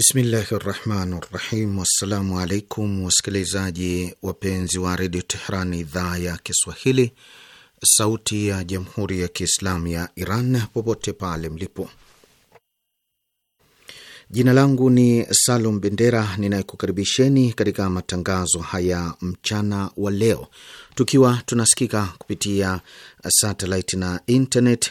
Bismillahi rahmani rahim. Wassalamu alaikum wasikilizaji wapenzi wa redio Tehran, idhaa ya Kiswahili, sauti ya jamhuri ya kiislamu ya Iran, popote pale mlipo. Jina langu ni Salum Bendera, ninayekukaribisheni katika matangazo haya mchana wa leo, tukiwa tunasikika kupitia satelit na internet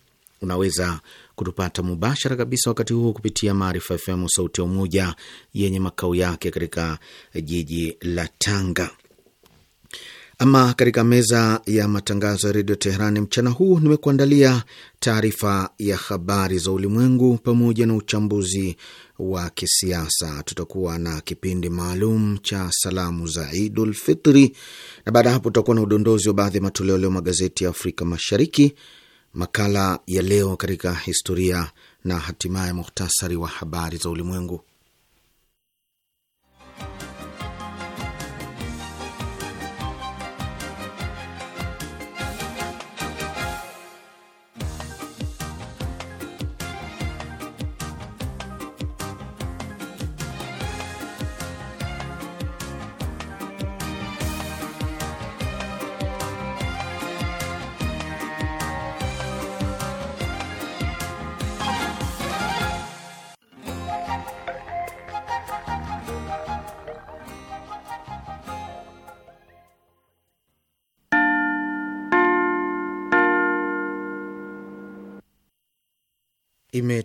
Unaweza kutupata mubashara kabisa wakati huu kupitia Maarifa FM sauti ya Umoja yenye makao yake katika jiji la Tanga. Ama katika meza ya matangazo ya redio Teherani mchana huu nimekuandalia taarifa ya habari za ulimwengu pamoja na uchambuzi wa kisiasa. Tutakuwa na kipindi maalum cha salamu za Idul Fitri, na baada ya hapo tutakuwa na udondozi wa baadhi ya matoleo leo magazeti ya Afrika Mashariki makala ya leo katika historia na hatimaye muhtasari wa habari za ulimwengu.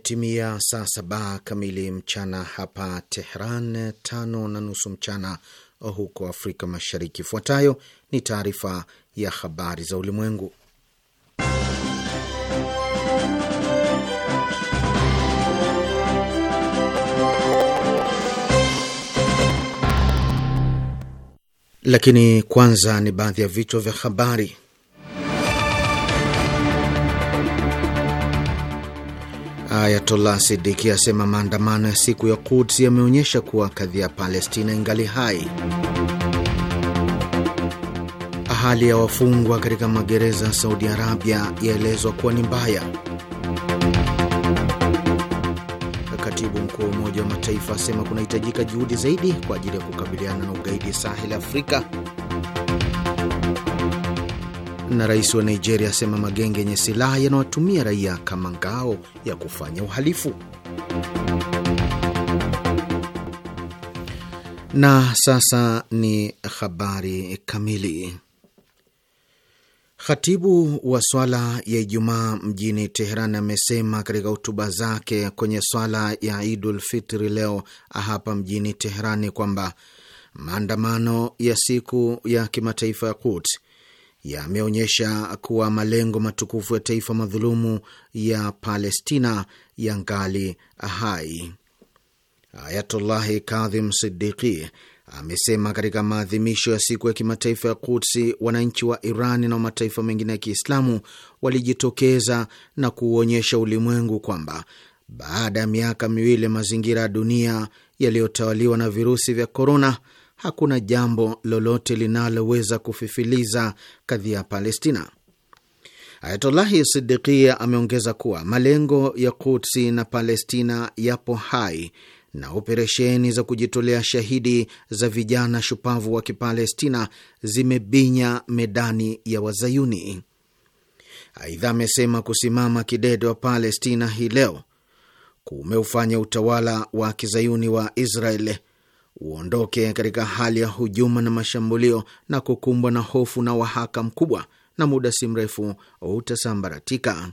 Imetimia saa saba kamili mchana hapa Tehran, tano na nusu mchana huko Afrika Mashariki. Ifuatayo ni taarifa ya habari za ulimwengu, lakini kwanza ni baadhi ya vichwa vya habari. Ayatollah Sidiki asema maandamano ya siku ya Quds yameonyesha kuwa kadhia ya Palestina ingali hai. Hali ya wafungwa katika magereza ya Saudi Arabia yaelezwa kuwa ni mbaya. Katibu mkuu wa Umoja wa Mataifa asema kunahitajika juhudi zaidi kwa ajili ya kukabiliana na ugaidi Sahel Afrika. Na rais wa Nigeria asema magenge yenye silaha yanawatumia raia kama ngao ya kufanya uhalifu. Na sasa ni habari kamili. Khatibu wa swala ya Ijumaa mjini Teheran amesema katika hotuba zake kwenye swala ya Idul Fitri leo hapa mjini Teherani kwamba maandamano ya siku ya kimataifa ya Quds yameonyesha kuwa malengo matukufu ya taifa madhulumu ya Palestina yangali hai. Ayatullahi Kadhim Siddiqi amesema katika maadhimisho ya siku ya kimataifa ya kutsi wananchi wa Iran na mataifa mengine ya Kiislamu walijitokeza na kuuonyesha ulimwengu kwamba baada ya miaka miwili mazingira ya dunia yaliyotawaliwa na virusi vya korona hakuna jambo lolote linaloweza kufifiliza kadhia ya Palestina. Ayatollahi Sidikia ameongeza kuwa malengo ya Kutsi na Palestina yapo hai na operesheni za kujitolea shahidi za vijana shupavu wa Kipalestina zimebinya medani ya Wazayuni. Aidha, amesema kusimama kidede wa Palestina hii leo kumeufanya utawala wa kizayuni wa Israeli uondoke katika hali ya hujuma na mashambulio na kukumbwa na hofu na wahaka mkubwa, na muda si mrefu utasambaratika.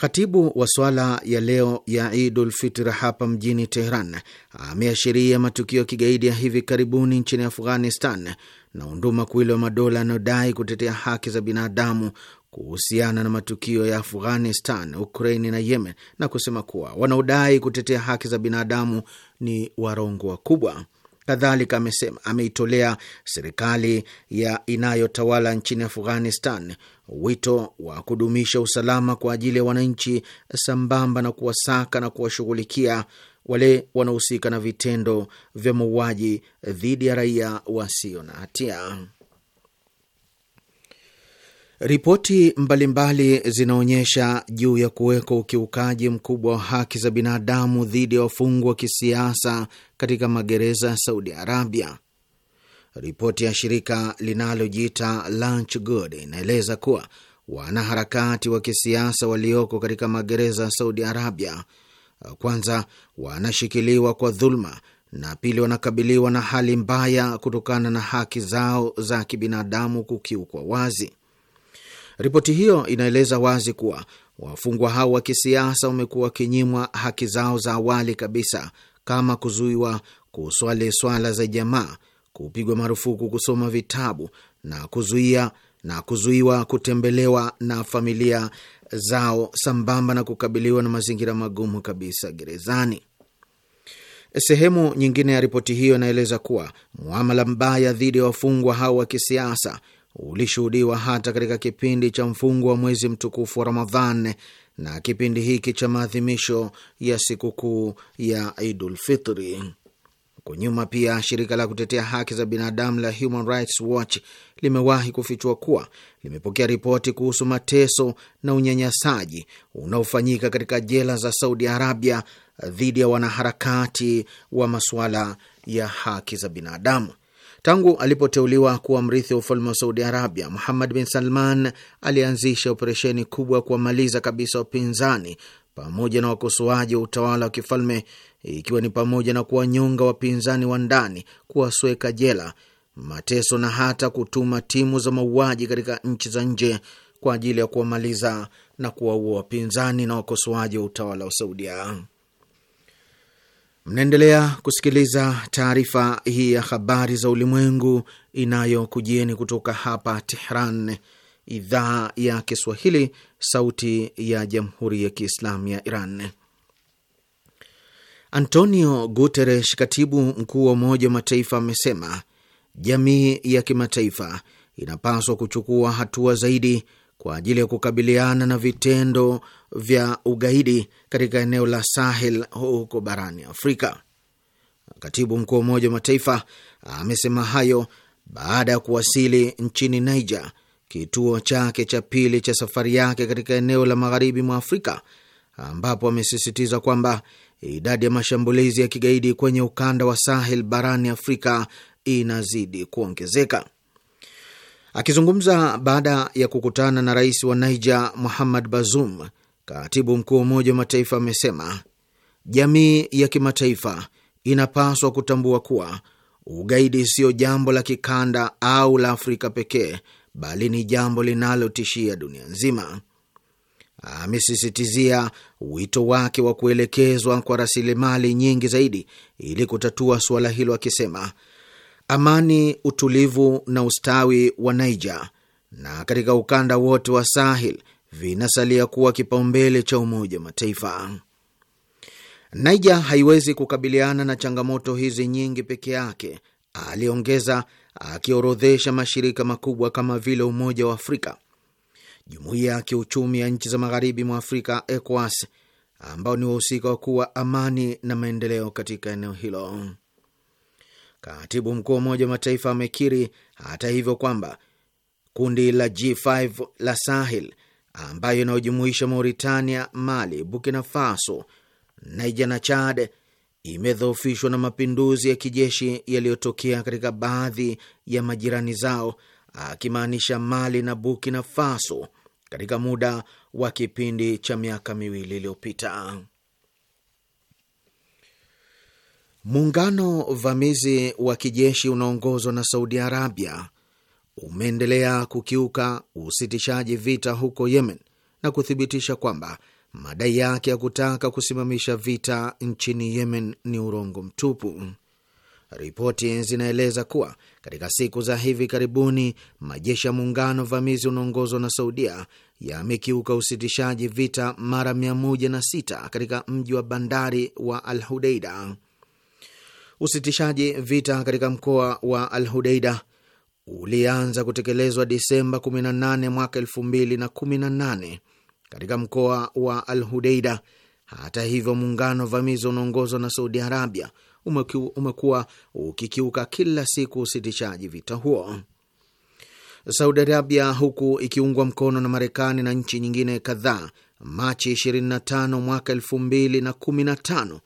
Khatibu wa swala ya leo ya Idul Fitr hapa mjini Tehran ameashiria matukio ya kigaidi ya hivi karibuni nchini Afghanistan na unduma kuwili wa madola yanayodai kutetea haki za binadamu kuhusiana na matukio ya Afghanistan, Ukraini na Yemen na kusema kuwa wanaodai kutetea haki za binadamu ni warongo wakubwa. Kadhalika amesema ameitolea serikali ya inayotawala nchini Afghanistan wito wa kudumisha usalama kwa ajili ya wananchi, sambamba na kuwasaka na kuwashughulikia wale wanaohusika na vitendo vya mauaji dhidi ya raia wasio na hatia. Ripoti mbalimbali zinaonyesha juu ya kuwekwa ukiukaji mkubwa wa haki za binadamu dhidi ya wafungwa wa kisiasa katika magereza ya Saudi Arabia. Ripoti ya shirika linalojiita Lunch Good inaeleza kuwa wanaharakati wa kisiasa walioko katika magereza ya Saudi Arabia, kwanza, wanashikiliwa kwa dhuluma na pili, wanakabiliwa na hali mbaya kutokana na haki zao za kibinadamu kukiukwa wazi. Ripoti hiyo inaeleza wazi kuwa wafungwa hao wa kisiasa wamekuwa wakinyimwa haki zao za awali kabisa kama kuzuiwa kuswali swala za jamaa, kupigwa marufuku kusoma vitabu na kuzuia na kuzuiwa kutembelewa na familia zao sambamba na kukabiliwa na mazingira magumu kabisa gerezani. Sehemu nyingine ya ripoti hiyo inaeleza kuwa muamala mbaya dhidi ya wafungwa hao wa kisiasa ulishuhudiwa hata katika kipindi cha mfungo wa mwezi mtukufu wa Ramadhan na kipindi hiki cha maadhimisho ya sikukuu ya idulfitri kwa Huko nyuma pia shirika la kutetea haki za binadamu la Human Rights Watch limewahi kufichua kuwa limepokea ripoti kuhusu mateso na unyanyasaji unaofanyika katika jela za Saudi Arabia dhidi ya wanaharakati wa masuala ya haki za binadamu. Tangu alipoteuliwa kuwa mrithi wa ufalme wa Saudi Arabia, Muhammad bin Salman alianzisha operesheni kubwa ya kuwamaliza kabisa wapinzani pamoja na wakosoaji wa utawala wa kifalme, ikiwa ni pamoja na kuwanyonga wapinzani wa ndani, kuwasweka jela, mateso na hata kutuma timu za mauaji katika nchi za nje kwa ajili ya kuwamaliza na kuwaua wapinzani na wakosoaji wa utawala wa Saudia. Mnaendelea kusikiliza taarifa hii ya habari za ulimwengu inayokujieni kutoka hapa Tehran, idhaa ya Kiswahili, sauti ya jamhuri ya kiislamu ya Iran. Antonio Guterres, katibu mkuu wa Umoja wa Mataifa, amesema jamii ya kimataifa inapaswa kuchukua hatua zaidi kwa ajili ya kukabiliana na vitendo vya ugaidi katika eneo la Sahel huko barani Afrika. Katibu mkuu wa Umoja wa Mataifa amesema hayo baada ya kuwasili nchini Niger, kituo chake cha pili cha safari yake katika eneo la magharibi mwa Afrika, ambapo amesisitiza kwamba idadi ya mashambulizi ya kigaidi kwenye ukanda wa Sahel barani Afrika inazidi kuongezeka. Akizungumza baada ya kukutana na rais wa Niger Muhammad Bazoum, Katibu mkuu wa Umoja wa Mataifa amesema jamii ya kimataifa inapaswa kutambua kuwa ugaidi siyo jambo la kikanda au la Afrika pekee, bali ni jambo linalotishia dunia nzima. Amesisitizia wito wake wa kuelekezwa kwa rasilimali nyingi zaidi ili kutatua suala hilo, akisema amani, utulivu na ustawi wa Niger na katika ukanda wote wa Sahel vinasalia kuwa kipaumbele cha Umoja wa Mataifa. Naija haiwezi kukabiliana na changamoto hizi nyingi peke yake, aliongeza, akiorodhesha mashirika makubwa kama vile Umoja wa Afrika, Jumuiya ya Kiuchumi ya Nchi za Magharibi mwa Afrika, ECOWAS, ambao ni wahusika wakuu wa amani na maendeleo katika eneo hilo. Katibu mkuu wa Umoja wa Mataifa amekiri hata hivyo kwamba kundi la G5 la Sahel ambayo inayojumuisha Mauritania, Mali, Burkina Faso, Niger na Chad imedhoofishwa na mapinduzi ya kijeshi yaliyotokea katika baadhi ya majirani zao, akimaanisha Mali na Burkina Faso katika muda wa kipindi cha miaka miwili iliyopita. Muungano vamizi wa kijeshi unaongozwa na Saudi Arabia umeendelea kukiuka usitishaji vita huko Yemen na kuthibitisha kwamba madai yake ya kutaka kusimamisha vita nchini Yemen ni urongo mtupu. Ripoti zinaeleza kuwa katika siku za hivi karibuni majeshi ya muungano vamizi unaongozwa na Saudia yamekiuka usitishaji vita mara 106 katika mji wa bandari wa Al Hudeida. Usitishaji vita katika mkoa wa Al Hudeida ulianza kutekelezwa Disemba 18 mwaka 2018 katika mkoa wa Al Hudeida. Hata hivyo, muungano vamizi unaongozwa na Saudi Arabia umekuwa ukikiuka kila siku usitishaji vita huo. Saudi Arabia, huku ikiungwa mkono na Marekani na nchi nyingine kadhaa, Machi 25 mwaka 2015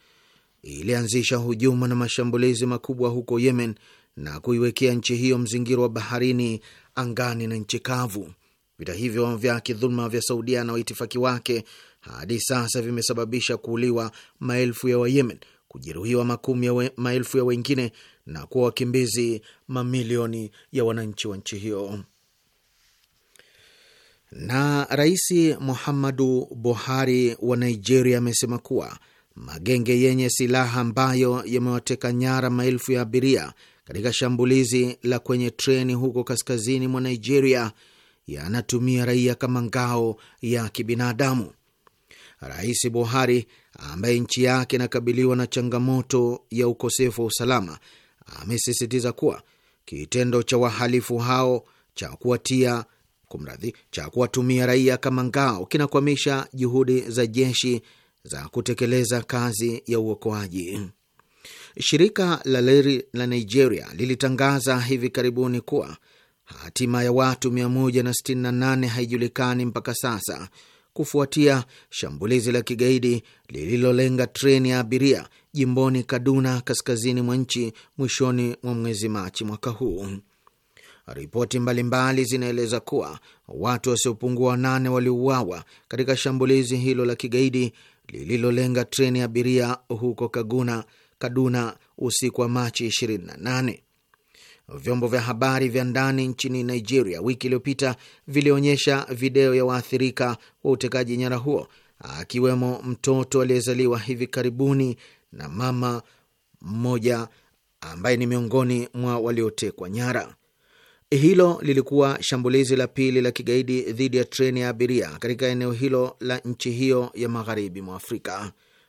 ilianzisha hujuma na mashambulizi makubwa huko Yemen na kuiwekea nchi hiyo mzingiro wa baharini, angani na nchi kavu. Vita hivyo vya kidhuluma vya Saudia na waitifaki wake hadi sasa vimesababisha kuuliwa maelfu ya Wayemen, kujeruhiwa makumi ya we, maelfu ya wengine na kuwa wakimbizi mamilioni ya wananchi wa nchi hiyo. Na Rais Muhammadu Buhari wa Nigeria amesema kuwa magenge yenye silaha ambayo yamewateka nyara maelfu ya abiria katika shambulizi la kwenye treni huko kaskazini mwa Nigeria yanatumia raia kama ngao ya kibinadamu. Rais Buhari, ambaye nchi yake inakabiliwa na changamoto ya ukosefu wa usalama, amesisitiza kuwa kitendo cha wahalifu hao cha kuwatia kumradhi, cha kuwatumia raia kama ngao kinakwamisha juhudi za jeshi za kutekeleza kazi ya uokoaji. Shirika la reli la Nigeria lilitangaza hivi karibuni kuwa hatima ya watu 168 haijulikani mpaka sasa kufuatia shambulizi la kigaidi lililolenga treni ya abiria jimboni Kaduna, kaskazini mwa nchi mwishoni mwa mwezi Machi mwaka huu. Ripoti mbalimbali zinaeleza kuwa watu wasiopungua wanane waliuawa katika shambulizi hilo la kigaidi lililolenga treni ya abiria huko kaguna Kaduna usiku wa Machi 28. Vyombo vya habari vya ndani nchini Nigeria wiki iliyopita vilionyesha video ya waathirika wa utekaji nyara huo, akiwemo mtoto aliyezaliwa hivi karibuni na mama mmoja ambaye ni miongoni mwa waliotekwa nyara. Hilo lilikuwa shambulizi la pili la kigaidi dhidi ya treni ya abiria katika eneo hilo la nchi hiyo ya magharibi mwa Afrika.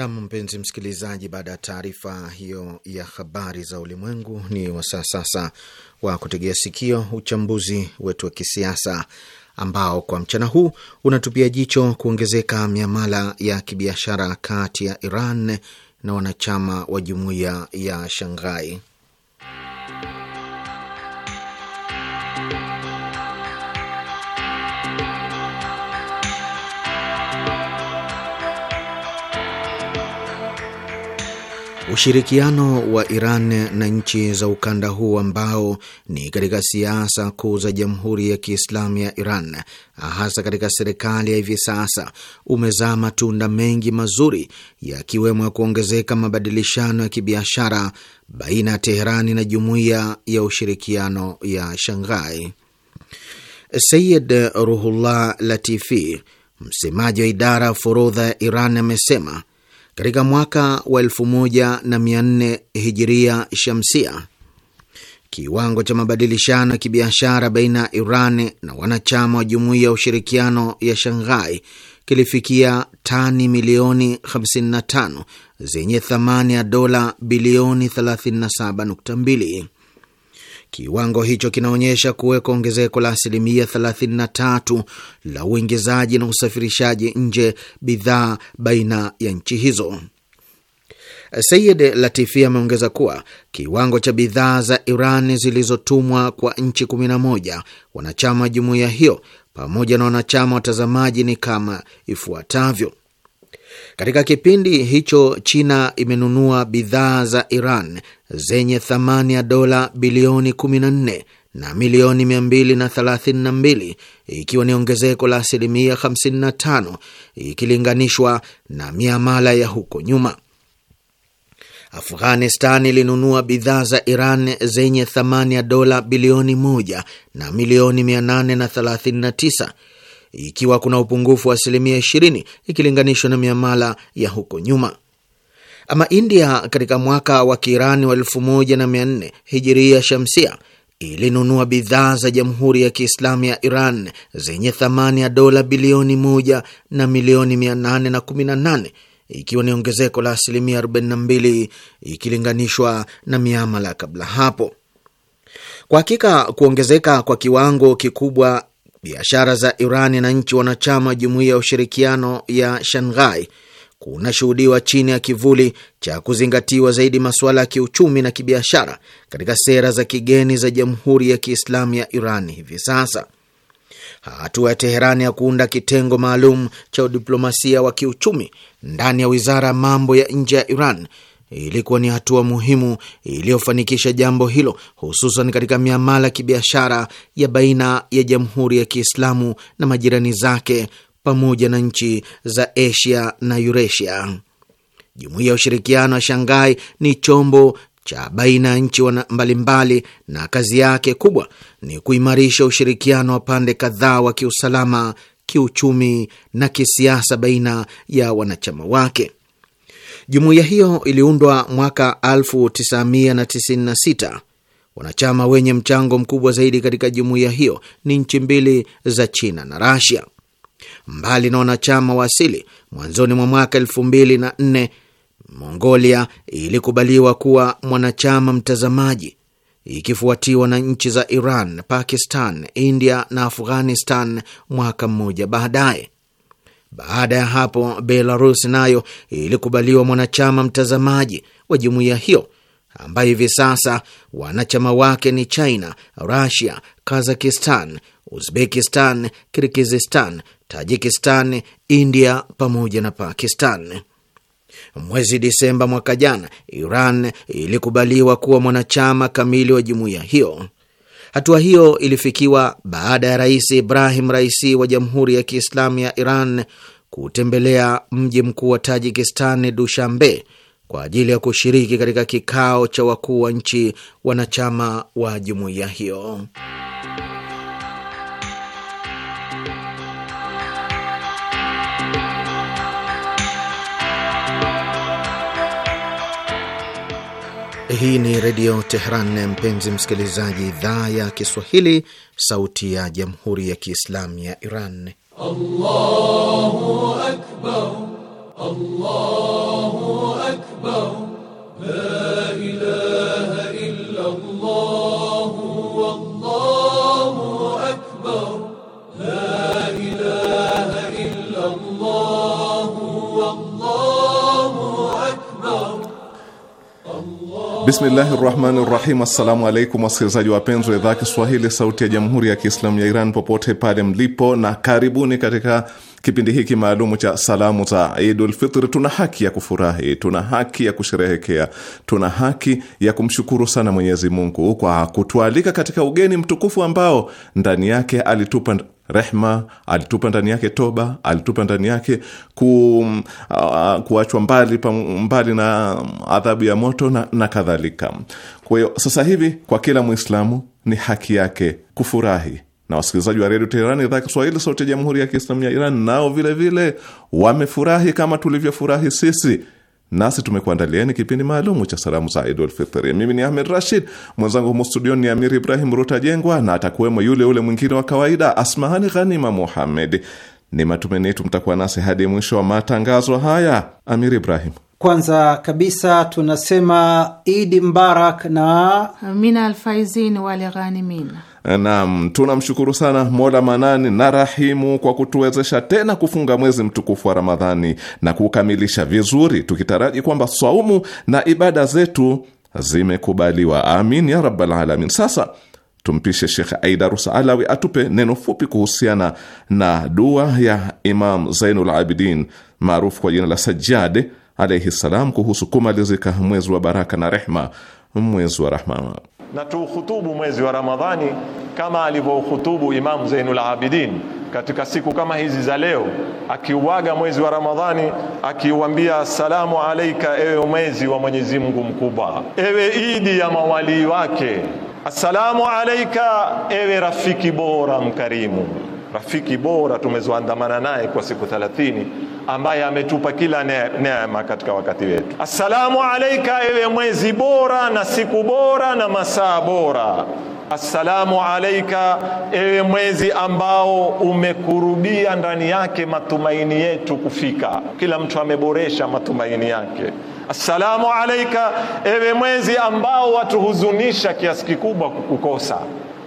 Nam, mpenzi msikilizaji, baada ya taarifa hiyo ya habari za ulimwengu, ni wasaa sasa wa kutegea sikio uchambuzi wetu wa kisiasa ambao kwa mchana huu unatupia jicho kuongezeka miamala ya kibiashara kati ya Iran na wanachama wa jumuiya ya Shanghai. Ushirikiano wa Iran na nchi za ukanda huu ambao ni katika siasa kuu za Jamhuri ya Kiislamu ya Iran, hasa katika serikali ya hivi sasa, umezaa matunda mengi mazuri, yakiwemo ya kuongezeka mabadilishano ya kibiashara baina ya Teherani na Jumuiya ya Ushirikiano ya Shanghai. Sayid Ruhullah Latifi, msemaji wa idara ya forodha ya Iran, amesema katika mwaka wa 1400 hijiria shamsia. Kiwango cha mabadilishano ya kibiashara baina ya Iran na wanachama wa jumuiya ya ushirikiano ya Shanghai kilifikia tani milioni 55 zenye thamani ya dola bilioni 37.2. Kiwango hicho kinaonyesha kuweka ongezeko la asilimia 33 la uingizaji na usafirishaji nje bidhaa baina ya nchi hizo. Sayid Latifi ameongeza kuwa kiwango cha bidhaa za Iran zilizotumwa kwa nchi 11 wanachama wa jumuiya hiyo pamoja na wanachama watazamaji ni kama ifuatavyo: katika kipindi hicho China imenunua bidhaa za Iran zenye thamani ya dola bilioni 14 na milioni 232 ikiwa ni ongezeko la asilimia 55 ikilinganishwa na miamala ya huko nyuma. Afghanistan ilinunua bidhaa za Iran zenye thamani ya dola bilioni 1 na milioni 839 ikiwa kuna upungufu wa asilimia 20 ikilinganishwa na miamala ya huko nyuma. Ama India katika mwaka wa Kiirani wa 1400 hijiria shamsia ilinunua bidhaa za Jamhuri ya Kiislamu ya Iran zenye thamani ya dola bilioni 1 na milioni 818 ikiwa ni ongezeko la asilimia 42 ikilinganishwa na miamala kabla hapo. Kwa hakika kuongezeka kwa kiwango kikubwa biashara za Irani na nchi wanachama jumuiya ya ushirikiano ya Shanghai kunashuhudiwa chini ya kivuli cha kuzingatiwa zaidi masuala ya kiuchumi na kibiashara katika sera za kigeni za Jamhuri ya Kiislamu ya Iran hivi sasa. Hatua ya Teherani ya kuunda kitengo maalum cha udiplomasia wa kiuchumi ndani ya wizara ya mambo ya nje ya Iran ilikuwa ni hatua muhimu iliyofanikisha jambo hilo, hususan katika miamala ya kibiashara ya baina ya Jamhuri ya Kiislamu na majirani zake pamoja na nchi za Asia na Eurasia. Jumuiya ya Ushirikiano wa shangai ni chombo cha baina ya nchi mbalimbali na kazi yake kubwa ni kuimarisha ushirikiano wa pande kadhaa wa kiusalama, kiuchumi na kisiasa baina ya wanachama wake. Jumuiya hiyo iliundwa mwaka 1996. Wanachama wenye mchango mkubwa zaidi katika jumuiya hiyo ni nchi mbili za China na Rasia. Mbali na wanachama wa asili, mwanzoni mwa mwaka 2004 Mongolia ilikubaliwa kuwa mwanachama mtazamaji ikifuatiwa na nchi za Iran, Pakistan, India na Afghanistan mwaka mmoja baadaye. Baada ya hapo, Belarus nayo ilikubaliwa mwanachama mtazamaji wa jumuiya hiyo ambayo hivi sasa wanachama wake ni China, Rusia, Kazakistan, Uzbekistan, Kirgizistan, Tajikistan, India pamoja na Pakistan. Mwezi Disemba mwaka jana, Iran ilikubaliwa kuwa mwanachama kamili wa jumuiya hiyo. Hatua hiyo ilifikiwa baada ya Rais Ibrahim Raisi wa Jamhuri ya Kiislamu ya Iran kutembelea mji mkuu wa Tajikistan, Dushambe, kwa ajili ya kushiriki katika kikao cha wakuu wa nchi wanachama wa jumuiya hiyo. Hii ni Redio Tehran, mpenzi msikilizaji, idhaa ya Kiswahili, sauti ya jamhuri ya kiislamu ya Iran. Allahu akbar, Allahu Bismillahi rahmani rahim. Assalamu alaikum wasikilizaji wapenzi wa idhaa Kiswahili sauti ya jamhuri ya Kiislamu ya Iran popote pale mlipo, na karibuni katika Kipindi hiki maalumu cha salamu za Idul Fitri, tuna haki ya kufurahi, tuna haki ya kusherehekea, tuna haki ya kumshukuru sana Mwenyezi Mungu kwa kutualika katika ugeni mtukufu ambao ndani yake alitupa rehma alitupa ndani yake toba, alitupa ndani yake ku, uh, kuachwa mbali, mbali na adhabu ya moto na, na kadhalika. Kwa hiyo sasa hivi kwa kila Mwislamu ni haki yake kufurahi na wasikilizaji wa redio Teherani idhaa ya Kiswahili sauti ya jamhuri ya Kiislamu ya Iran nao vilevile wamefurahi kama tulivyofurahi sisi, nasi tumekuandalieni kipindi maalumu cha salamu za Idul Fitri. Mimi ni Ahmed Rashid, mwenzangu humo studio ni Amir Ibrahim Rutajengwa na atakuwemo yule ule mwingine wa kawaida Asmahani Ghanima Muhammed. Ni matumaini yetu mtakuwa nasi hadi mwisho wa matangazo haya. Amir Ibrahim. Kwanza kabisa tunasema Idi Mbarak na mina alfaizin wal ghanimin. Naam, tunamshukuru sana Mola manani na rahimu kwa kutuwezesha tena kufunga mwezi mtukufu wa Ramadhani na kukamilisha vizuri, tukitaraji kwamba swaumu na ibada zetu zimekubaliwa. Amin ya rabbal alamin. Sasa tumpishe Shekh Aidarus Alawi atupe neno fupi kuhusiana na dua ya Imam Zainul Abidin maarufu kwa jina la Sajjad alaihi ssalam kuhusu kumalizika mwezi wa baraka na rehma, mwezi wa rahma na tuhutubu mwezi wa Ramadhani kama alivyouhutubu Imamu Zainul Abidin katika siku kama hizi za leo, akiuaga mwezi wa Ramadhani akiuambia, assalamu alaika, ewe mwezi wa Mwenyezi Mungu mkubwa, ewe idi ya mawalii wake, assalamu alaika, ewe rafiki bora mkarimu rafiki bora tumezoandamana naye kwa siku 30 ambaye ametupa kila neema katika wakati wetu. Assalamu alayka ewe mwezi bora na siku bora na masaa bora. Assalamu alaika, ewe mwezi ambao umekurubia ndani yake matumaini yetu kufika. Kila mtu ameboresha matumaini yake. Assalamu alayka ewe mwezi ambao watuhuzunisha kiasi kikubwa kukukosa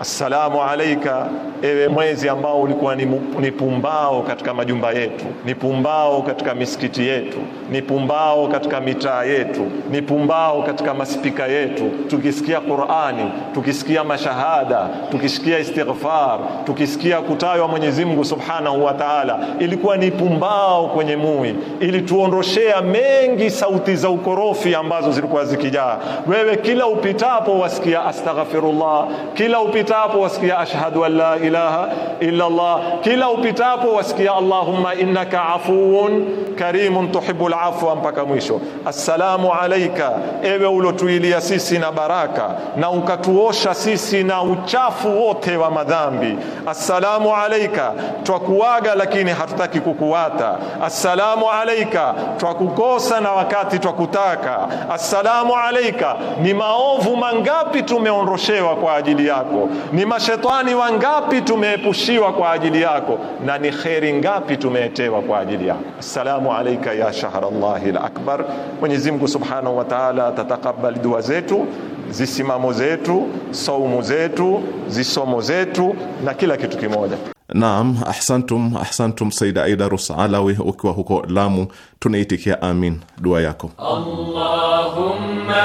Assalamu alaika, ewe mwezi ambao ulikuwa ni pumbao katika majumba yetu, ni pumbao katika misikiti yetu, ni pumbao katika mitaa yetu, ni pumbao katika maspika yetu, tukisikia Qur'ani, tukisikia mashahada, tukisikia istighfar, tukisikia kutaywa Mwenyezi Mungu Subhanahu wa Ta'ala, ilikuwa ni pumbao kwenye mui, ilituondoshea mengi sauti za ukorofi ambazo zilikuwa zikijaa. Wewe kila upitapo wasikia astaghfirullah, kila upitapo upitapo wasikia ashhadu an la ilaha illa Allah, kila upitapo wasikia Allahumma innaka afuun karimun tuhibbul afwa, mpaka mwisho. Assalamu alayka, ewe ulotuilia sisi na baraka na ukatuosha sisi na uchafu wote wa madhambi. Assalamu alayka, twakuaga lakini hatutaki kukuwata. Assalamu alayka, twakukosa na wakati twakutaka. Assalamu alayka, ni maovu mangapi tumeondoshewa kwa ajili yako ni mashetani wangapi tumeepushiwa kwa ajili yako na ni kheri ngapi tumeetewa kwa ajili yako assalamu alayka ya shahra llahi lakbar mwenyezi mungu subhanahu wa taala tatakabali dua zetu zisimamo zetu saumu zetu zisomo zetu na kila kitu kimoja Naam, ahsantum ahsantum, Saida Aida Rus Alawi, ukiwa huko Lamu, tunaitikia amin dua yako Allahumma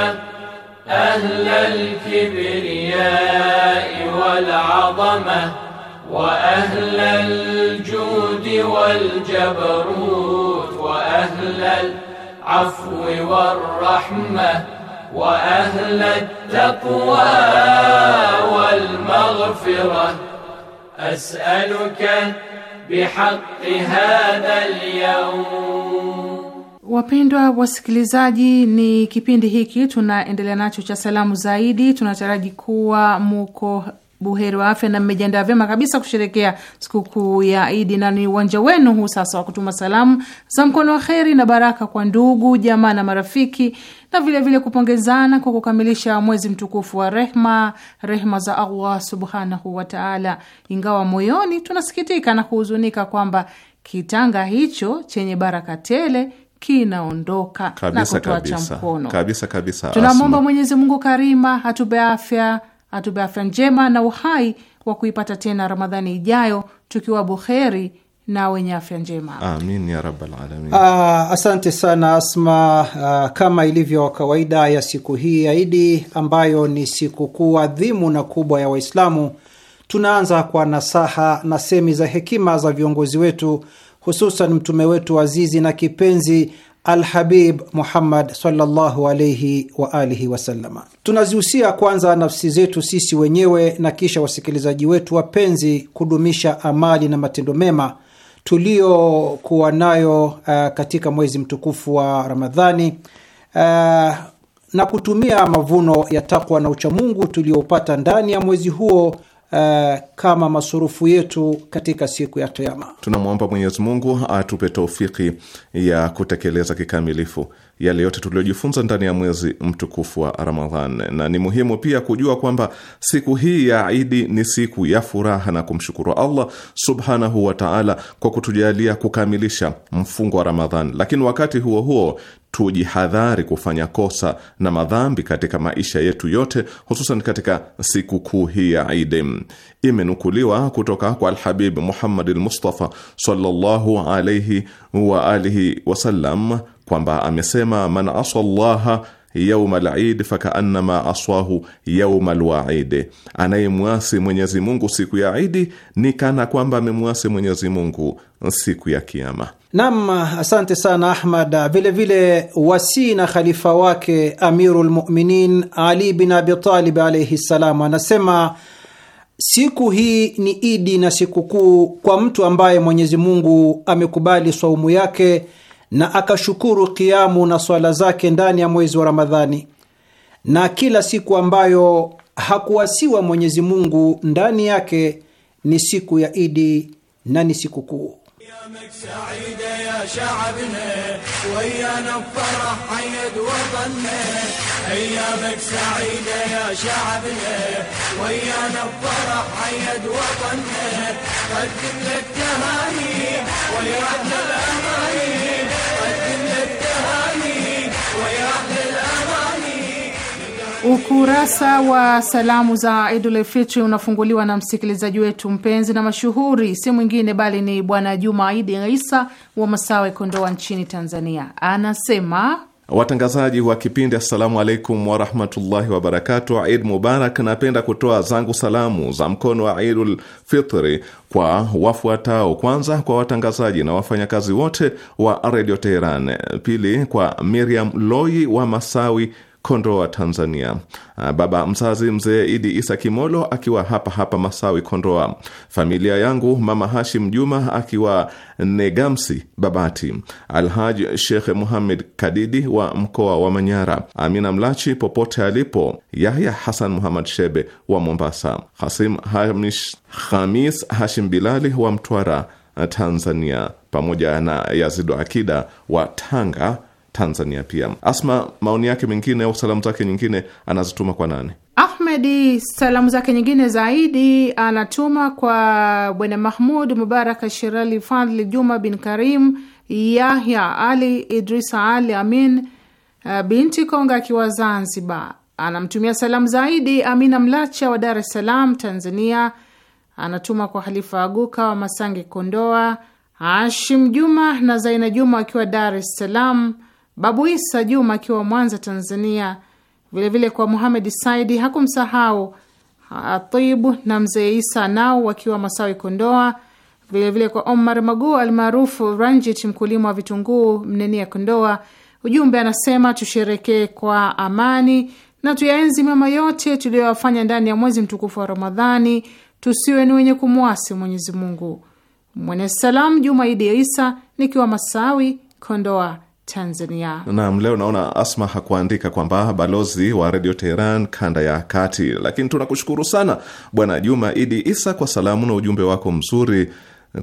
أهل الكبرياء والعظمة وأهل الجود والجبروت وأهل العفو والرحمة وأهل التقوى والمغفرة أسألك بحق هذا اليوم Wapendwa wasikilizaji, ni kipindi hiki tunaendelea nacho cha salamu zaidi. Tunataraji kuwa muko buheri wa afya na mmejiandaa vyema kabisa kusherekea sikukuu ya Idi, na ni uwanja wenu huu sasa wa kutuma salamu za mkono wa heri na baraka kwa ndugu jamaa na marafiki, na vilevile vile kupongezana kwa kukamilisha mwezi mtukufu wa rehma, rehma za Allah subhanahu wataala, ingawa moyoni tunasikitika na kuhuzunika kwamba kitanga hicho chenye baraka tele kinaondoka na kutuacha mkono kabisa kabisa. Tunamwomba Mwenyezi Mungu karima atupe afya, atupe afya njema na uhai wa kuipata tena Ramadhani ijayo tukiwa buheri na wenye afya njema, amin ya rabbal alamin. Ah, asante sana Asma. Ah, kama ilivyo kawaida ya siku hii ya Idi ambayo ni sikukuu adhimu na kubwa ya Waislamu, tunaanza kwa nasaha na semi za hekima za viongozi wetu hususan mtume wetu azizi na kipenzi Alhabib Muhammad sallallahu wa alihi Tunazihusia kwanza nafsi zetu sisi wenyewe na kisha wasikilizaji wetu wapenzi kudumisha amali na matendo mema tuliyokuwa nayo uh, katika mwezi mtukufu wa Ramadhani uh, na kutumia mavuno ya takwa na uchamungu tuliyopata ndani ya mwezi huo Uh, kama masurufu yetu katika siku ya kiama Tunamwomba Mwenyezi Mungu atupe taufiki ya kutekeleza kikamilifu yale yote tuliyojifunza ndani ya mwezi mtukufu wa Ramadhan. Na ni muhimu pia kujua kwamba siku hii ya Idi ni siku ya furaha na kumshukuru Allah subhanahu wa taala kwa kutujalia kukamilisha mfungo wa Ramadhan, lakini wakati huo huo tujihadhari kufanya kosa na madhambi katika maisha yetu yote, hususan katika siku kuu hii ya Idi. Imenukuliwa kutoka kwa Alhabib Muhammad Almustafa sallallahu alaihi wa alihi wasallam kwamba amesema man aswa llaha yauma lidi fakaannama aswahu yauma lwaidi, anayemwasi Mwenyezi Mungu siku ya Idi ni kana kwamba amemwasi Mwenyezi Mungu siku ya Kiama. Nam, asante sana Ahmad. Vilevile wasii na khalifa wake amiru lmuminin Ali bin Abitalib alaihi ssalam anasema siku hii ni idi na sikukuu kwa mtu ambaye Mwenyezi Mungu amekubali saumu yake na akashukuru kiamu na swala zake ndani ya mwezi wa Ramadhani na kila siku ambayo hakuwasiwa Mwenyezi Mungu ndani yake ni siku ya Idi na ni siku kuu. ايامك سعيده يا شعبنا ويانا الفرح عيد وطننا قدم لك تهاني ويا اهل الاماني قدم لك تهاني ويا اهل Ukurasa wa salamu za Idul Fitri unafunguliwa na msikilizaji wetu mpenzi na mashuhuri, si mwingine bali ni Bwana Juma Aidi Isa wa Masawe, Kondoa nchini Tanzania. Anasema Watangazaji wa kipindi, assalamu alaikum warahmatullahi wabarakatu. Id mubarak. Napenda kutoa zangu salamu za mkono wa Idul Fitri kwa wafuatao: kwanza, kwa watangazaji na wafanyakazi wote wa redio Teheran; pili, kwa Miriam Loi wa Masawi Kondoa, Tanzania. Ah, Baba mzazi mzee Idi Isa Kimolo akiwa hapa hapa Masawi, Kondoa. Familia yangu mama Hashim Juma akiwa Negamsi, Babati. Alhaji Shekhe muhamed Kadidi wa mkoa wa Manyara. Amina Mlachi popote alipo. Yahya Hasan Muhammad Shebe wa Mombasa. Hasim Hamish Hamis Hashim Bilali wa Mtwara, Tanzania, pamoja na Yazidu Akida wa Tanga Tanzania pia. Asma, maoni yake mengine au salamu zake nyingine anazituma kwa nani? Ahmedi salamu zake nyingine zaidi anatuma kwa bwana Mahmud Mubaraka Shirali Fadli Juma bin Karim Yahya Ali Idrisa Ali Amin eh, binti Konga akiwa Zanzibar. Anamtumia salamu zaidi Amina Mlacha wa Dar es Salaam, Tanzania. Anatuma kwa Halifa Aguka wa Masange, Kondoa, Ashim Juma na Zaina Juma akiwa Dar es Salaam. Babu Isa Juma akiwa Mwanza, Tanzania. Vilevile vile kwa Muhamed Saidi hakumsahau Atibu na mzee Isa nao wakiwa Masawi, Kondoa. Vilevile vile kwa Omar Maguu almaarufu Ranjit, mkulima wa vitunguu Mnenia, Kondoa. Ujumbe anasema tusherekee kwa amani na tuyaenzi mema yote tuliyoyafanya ndani ya mwezi mtukufu wa Ramadhani, tusiwe ni wenye kumwasi Mwenyezi Mungu. Mwenye salam Juma Idi Isa nikiwa Masawi, Kondoa, Tanzania. Naam, leo naona Asma hakuandika kwamba balozi wa redio Teheran kanda ya kati, lakini tunakushukuru sana Bwana Juma Idi Isa kwa salamu na ujumbe wako mzuri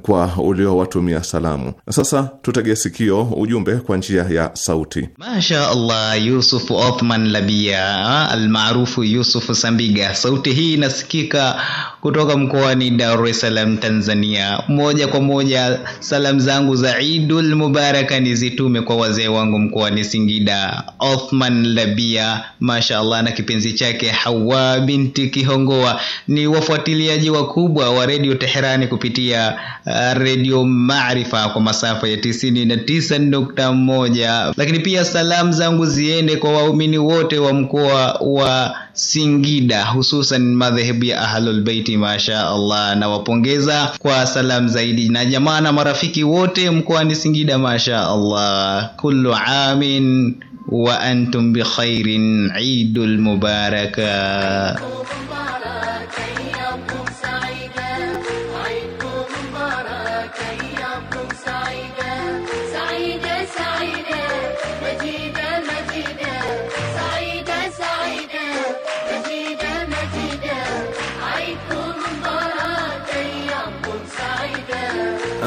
kwa uliowatumia salamu. Sasa tutegee sikio ujumbe kwa njia ya sauti. Masha Allah, Yusuf Othman Labia ah, almaarufu Yusuf Sambiga, sauti hii inasikika kutoka mkoani Dar es Salaam, Tanzania. Moja kwa moja, salamu zangu za Idul Mubaraka nizitume kwa wazee wangu mkoani Singida, Othman Labia, Masha Allah, na kipenzi chake Hawa binti Kihongoa. Ni wafuatiliaji wakubwa wa Redio Teherani kupitia Eh, redio Maarifa kwa masafa ya 99.1, lakini pia salamu zangu ziende kwa waumini wote wa mkoa wa Singida hususan madhehebu ya Ahlul Baiti, masha Allah. Nawapongeza kwa salamu zaidi na jamaa na marafiki wote mkoani Singida, masha Allah. Kullu amin wa antum bi khairin, Eidul mubaraka.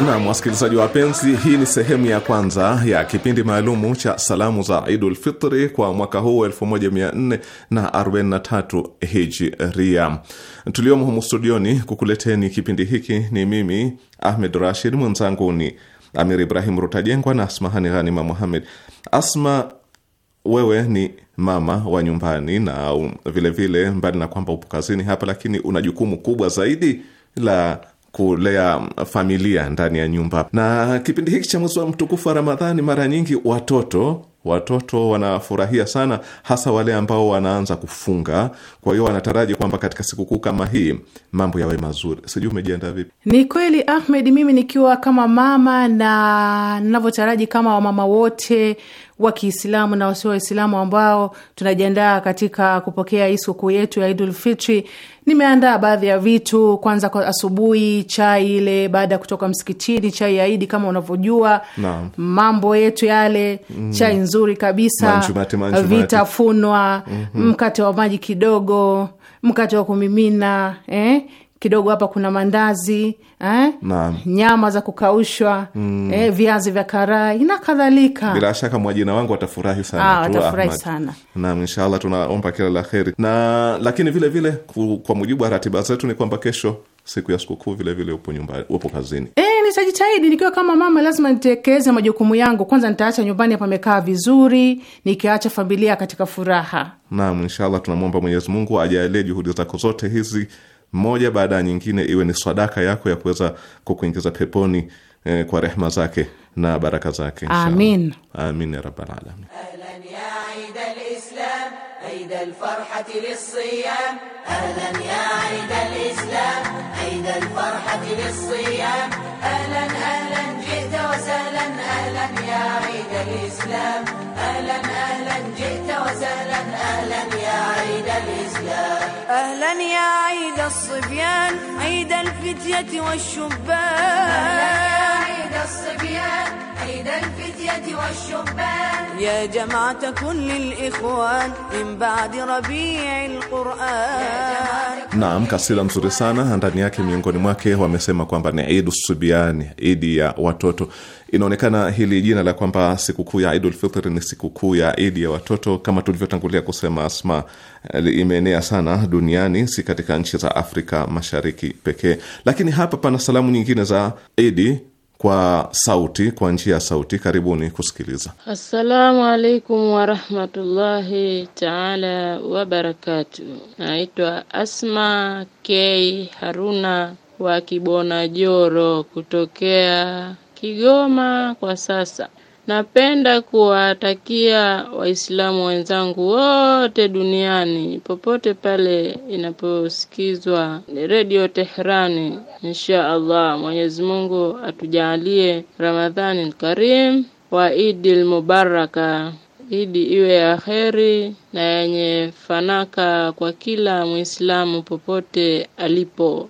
Nam wasikilizaji wapenzi, hii ni sehemu ya kwanza ya kipindi maalumu cha salamu za Idul Fitri kwa mwaka huu 1443 Hijria. Tuliomo humu studioni kukuleteni kipindi hiki ni mimi Ahmed Rashid, mwenzangu ni Amir Ibrahim Rutajengwa na Asmahani Ghanima Muhamed. Asma, wewe ni mama wa nyumbani na vilevile, mbali na kwamba upo kazini hapa, lakini una jukumu kubwa zaidi la kulea familia ndani ya nyumba. Na kipindi hiki cha mwezi wa mtukufu wa Ramadhani, mara nyingi watoto watoto wanafurahia sana, hasa wale ambao wanaanza kufunga. Kwa hiyo wanataraji kwamba katika sikukuu kama hii mambo yawe mazuri. Sijui umejiandaa vipi? Ni kweli Ahmed, mimi nikiwa kama mama na navyotaraji kama wamama wote wa Kiislamu na wasio Waislamu ambao tunajiandaa katika kupokea hii sikukuu yetu ya Idul Fitri, nimeandaa baadhi ya vitu. Kwanza kwa asubuhi, chai ile baada ya kutoka msikitini, chai ya Idi kama unavyojua mambo yetu yale mm. chai nzuri kabisa vitafunwa mm -hmm. mkate wa maji kidogo, mkate wa kumimina eh? kidogo hapa kuna mandazi eh? nyama za kukaushwa mm. eh, viazi vya karai na kadhalika. Bila shaka mwajina wangu watafurahi sana, watafurahi ah, sana. Naam, inshallah tunaomba kila la heri, na lakini vile vile kwa mujibu wa ratiba zetu ni kwamba kesho siku ya sikukuu vile vile upo nyumbani, upo kazini. E, nitajitahidi nikiwa kama mama, lazima nitekeleze majukumu yangu. Kwanza nitaacha nyumbani pamekaa vizuri, nikiacha familia katika furaha. Naam, inshallah tunamwomba Mwenyezi Mungu ajalie juhudi zako zote hizi moja baada ya nyingine, iwe ni sadaka yako ya kuweza kukuingiza peponi eh, kwa rehma zake na baraka zake. Amin, amin ya rabbal alamin. الإسلام أهلا أهلا جئت وسهلا أهلا يا عيد الإسلام أهلا يا عيد الصبيان عيد الفتية والشبان أهلا يا عيد الصبيان عيد الفتية والشبان يا جماعة كل الإخوان من بعد ربيع القرآن نعم kasila mzuri sana ndani yake. Miongoni mwake wamesema kwamba ni Eid Subiani, Eid ya watoto. Inaonekana hili jina la kwamba sikukuu ya Idul Fitr ni sikukuu ya idi ya watoto, kama tulivyotangulia kusema, Asma, eh, imeenea sana duniani, si katika nchi za Afrika Mashariki pekee. Lakini hapa pana salamu nyingine za idi kwa sauti, kwa njia ya sauti. Karibuni kusikiliza. Assalamu alaikum warahmatullahi taala wabarakatu. Naitwa Asma K Haruna wa joro kutokea Kigoma kwa sasa. Napenda kuwatakia Waislamu wenzangu wote duniani popote pale inaposikizwa Redio tehrani insha Allah Mwenyezi Mungu atujalie Ramadhani Karim wa Idi lmubaraka Idi iwe ya kheri na yenye fanaka kwa kila Mwislamu popote alipo.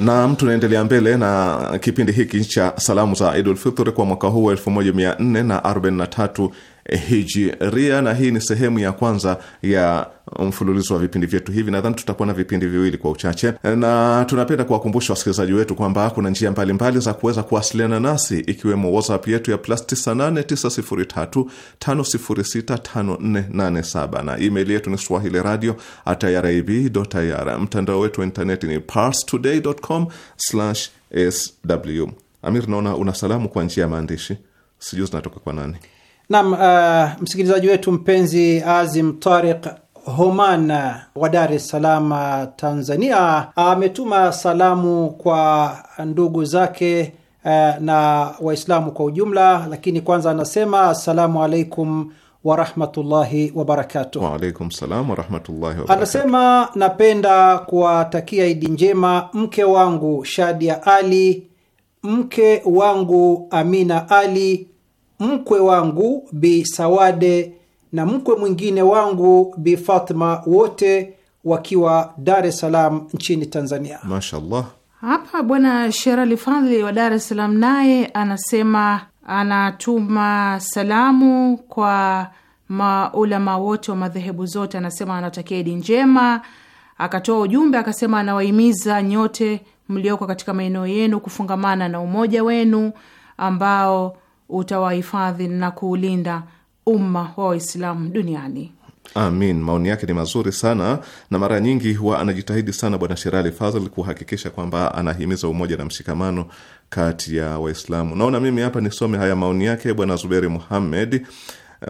na mtu naendelea mbele na kipindi hiki cha salamu za Idul Fitri kwa mwaka huu 1443 Hijiria, na hii ni sehemu ya kwanza ya mfululizo wa vipindi vyetu hivi. Nadhani tutakuwa na vipindi viwili kwa uchache, na tunapenda kuwakumbusha wasikilizaji wetu kwamba kuna njia mbalimbali mbali za kuweza kuwasiliana nasi, ikiwemo WhatsApp yetu ya plus 989035065487 na email yetu ni swahili radio at irib.ir. Mtandao wetu wa intaneti ni parstoday.com/sw. Amir, naona una salamu kwa njia ya maandishi, sijui zinatoka kwa nani? Naam, uh, msikilizaji wetu mpenzi Azim Tariq Homan wa Dar es Salaam, Tanzania, ametuma salamu kwa ndugu zake eh, na Waislamu kwa ujumla, lakini kwanza anasema assalamu alaikum warahmatullahi wabarakatuh. Waalaikum salam warahmatullahi wabarakatuh. Anasema napenda kuwatakia Idi njema mke wangu Shadia Ali, mke wangu Amina Ali, mkwe wangu Bi Sawade na mkwe mwingine wangu Bi Fatma, wote wakiwa Dar es Salaam nchini Tanzania. Mashallah. Hapa bwana Sherali Fadhli wa Dar es Salaam naye anasema anatuma salamu kwa maulama wote wa madhehebu zote, anasema anatakia Idi njema. Akatoa ujumbe akasema, anawahimiza nyote mlioko katika maeneo yenu kufungamana na umoja wenu ambao utawahifadhi na kuulinda umma wa Waislamu duniani. Amin. Maoni yake ni mazuri sana na mara nyingi huwa anajitahidi sana Bwana Sherali Fazl kuhakikisha kwamba anahimiza umoja na mshikamano kati ya Waislamu. Naona mimi hapa nisome haya maoni yake Bwana Zuberi Muhammed.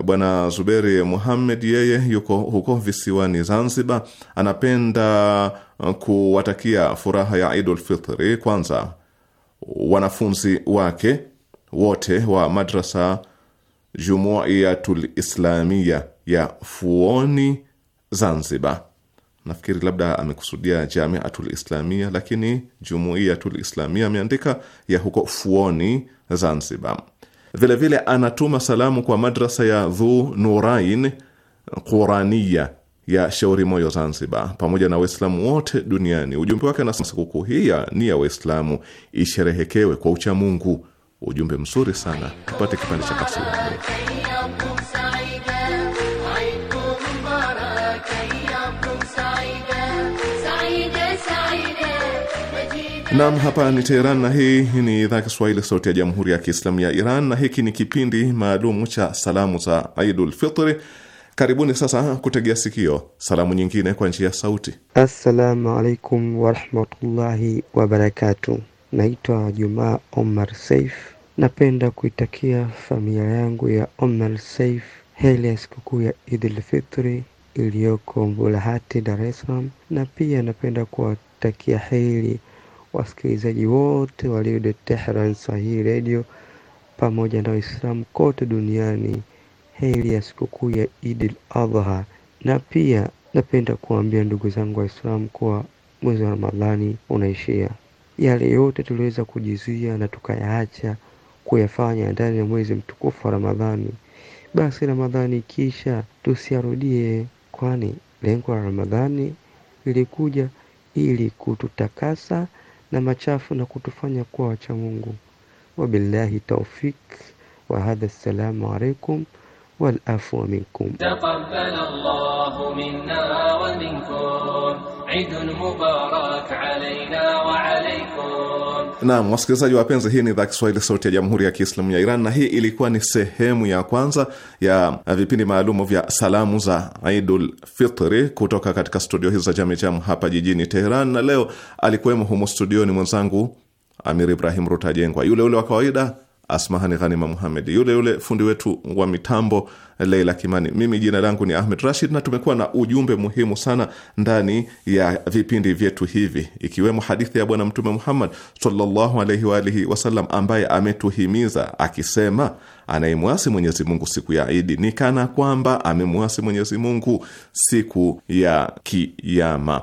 Bwana Zuberi Muhammed yeye yuko huko visiwani Zanzibar, anapenda uh, kuwatakia furaha ya Idul Fitri kwanza wanafunzi wake wote wa madrasa Jumuiyatul Islamia ya Fuoni Zanzibar. Nafikiri labda amekusudia Jamiatul Islamia, lakini Jumuiyatul Islamia ameandika ya huko Fuoni Zanzibar. vilevile vile anatuma salamu kwa madrasa ya Dhu Nurain Qurania ya Shauri Moyo Zanzibar, pamoja na Waislamu wote duniani. Ujumbe wake anasema sikukuu hii ni ya Waislamu isherehekewe kwa uchamungu ujumbe mzuri sana. Tupate kipande cha kasida. Nam, hapa ni Teheran na hii ni idhaa Kiswahili sauti ya jamhuri ya Kiislamu ya Iran, na hiki ni kipindi maalumu cha salamu za Aidul Fitri. Karibuni sasa kutegea sikio salamu nyingine kwa njia ya sauti. Assalamu alaikum warahmatullahi wabarakatuh. Naitwa Jumaa Omar Saif. Napenda kuitakia familia yangu ya Omar Saif heri ya sikukuu ya Idil Fitri iliyoko Mbulahati, Dar es Salaam, na pia napenda kuwatakia heri wasikilizaji wote wa Radio Tehran Swahili Radio pamoja na Waislamu kote duniani heri ya sikukuu ya Idil Adha, na pia napenda kuambia ndugu zangu Waislamu kuwa mwezi wa Ramadhani unaishia. Yale yote tuliweza kujizuia na tukayaacha kuyafanya ndani ya mwezi mtukufu wa Ramadhani. Basi Ramadhani kisha tusiarudie, kwani lengo la Ramadhani lilikuja ili kututakasa na machafu na kutufanya kuwa wacha Mungu. Wabillahi taufik wa hadha, assalamu alaikum wal afwa minkum. Taqabbal Allahu minna wa minkum. Eid wa penzi Naam, wasikilizaji wapenzi, hii ni idhaa Kiswahili sauti ya Jamhuri ya Kiislamu ya Iran na hii ilikuwa ni sehemu ya kwanza ya vipindi maalumu vya salamu za Idul Fitri kutoka katika studio hizi za Jamejam hapa jijini Teheran, na leo alikuwemo humo studioni mwenzangu Amir Ibrahim Rutajengwa, yule ule wa kawaida Asmahani Ghanima Muhamed, yule yule fundi wetu wa mitambo Leila Kimani. Mimi jina langu ni Ahmed Rashid, na tumekuwa na ujumbe muhimu sana ndani ya vipindi vyetu hivi, ikiwemo hadithi ya Bwana Mtume Muhammad sallallahu alaihi wa alihi wasallam, ambaye ametuhimiza akisema, anayemwasi Mwenyezi Mungu siku ya Idi ni kana kwamba amemwasi Mwenyezi Mungu siku ya Kiyama.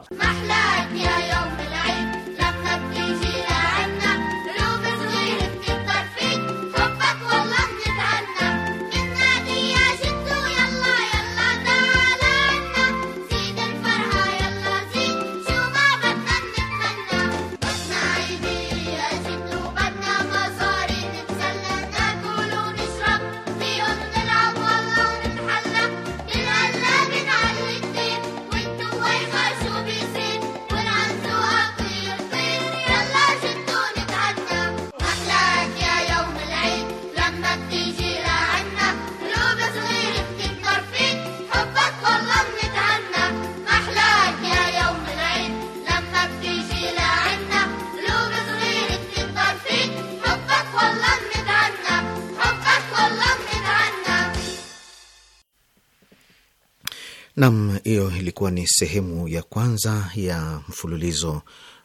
Nam, hiyo ilikuwa ni sehemu ya kwanza ya mfululizo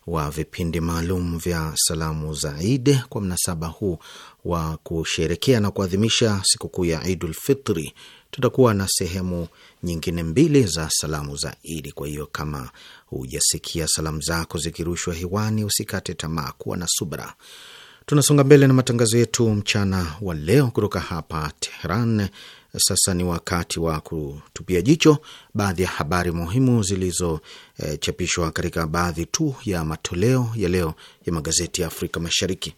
wa vipindi maalum vya salamu za Idi kwa mnasaba huu wa kusherekea na kuadhimisha sikukuu ya Idul Fitri. Tutakuwa na sehemu nyingine mbili za salamu za Idi. Kwa hiyo kama hujasikia salamu zako zikirushwa hewani, usikate tamaa, kuwa na subra. Tunasonga mbele na matangazo yetu mchana wa leo kutoka hapa Tehran, sasa ni wakati wa kutupia jicho baadhi ya habari muhimu zilizochapishwa e, katika baadhi tu ya matoleo ya leo ya magazeti ya Afrika Mashariki.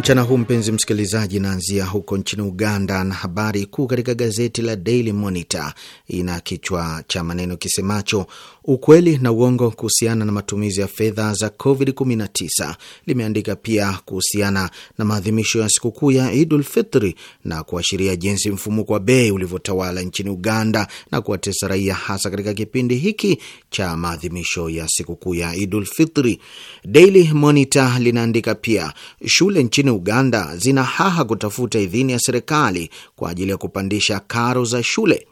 mchana huu, mpenzi msikilizaji, naanzia huko nchini Uganda na habari kuu katika gazeti la Daily Monitor ina kichwa cha maneno kisemacho ukweli na uongo kuhusiana na matumizi ya fedha za COVID-19. Limeandika pia kuhusiana na maadhimisho ya sikukuu ya Idul Fitri na kuashiria jinsi mfumuko wa bei ulivyotawala nchini Uganda na kuwatesa raia, hasa katika kipindi hiki cha maadhimisho ya sikukuu ya Idul Fitri. Daily Monitor linaandika pia shule nchini Uganda zina haha kutafuta idhini ya serikali kwa ajili ya kupandisha karo za shule.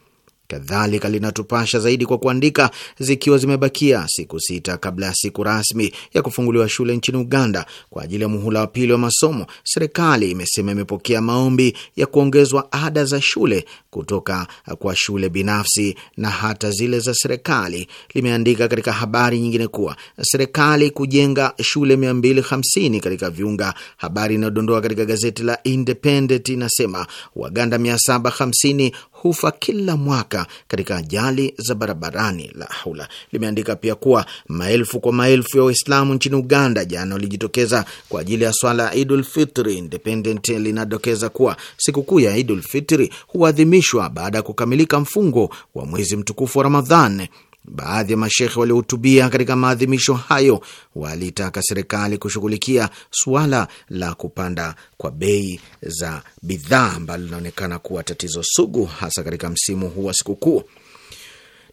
Kadhalika linatupasha zaidi kwa kuandika, zikiwa zimebakia siku sita kabla ya siku rasmi ya kufunguliwa shule nchini Uganda kwa ajili ya muhula wa pili wa masomo, serikali imesema imepokea maombi ya kuongezwa ada za shule kutoka kwa shule binafsi na hata zile za serikali. Limeandika katika habari nyingine kuwa serikali kujenga shule 250 katika viunga. Habari inayodondoa katika gazeti la Independent inasema Waganda 750 hufa kila mwaka katika ajali za barabarani. La Haula limeandika pia kuwa maelfu kwa maelfu ya Waislamu nchini Uganda jana walijitokeza kwa ajili ya swala ya Idul Fitri. Independent linadokeza kuwa sikukuu ya Idul Fitri huadhimishwa baada ya kukamilika mfungo wa mwezi mtukufu wa Ramadhan. Baadhi ya mashehe waliohutubia katika maadhimisho hayo walitaka serikali kushughulikia suala la kupanda kwa bei za bidhaa ambalo linaonekana kuwa tatizo sugu hasa katika msimu huu wa sikukuu.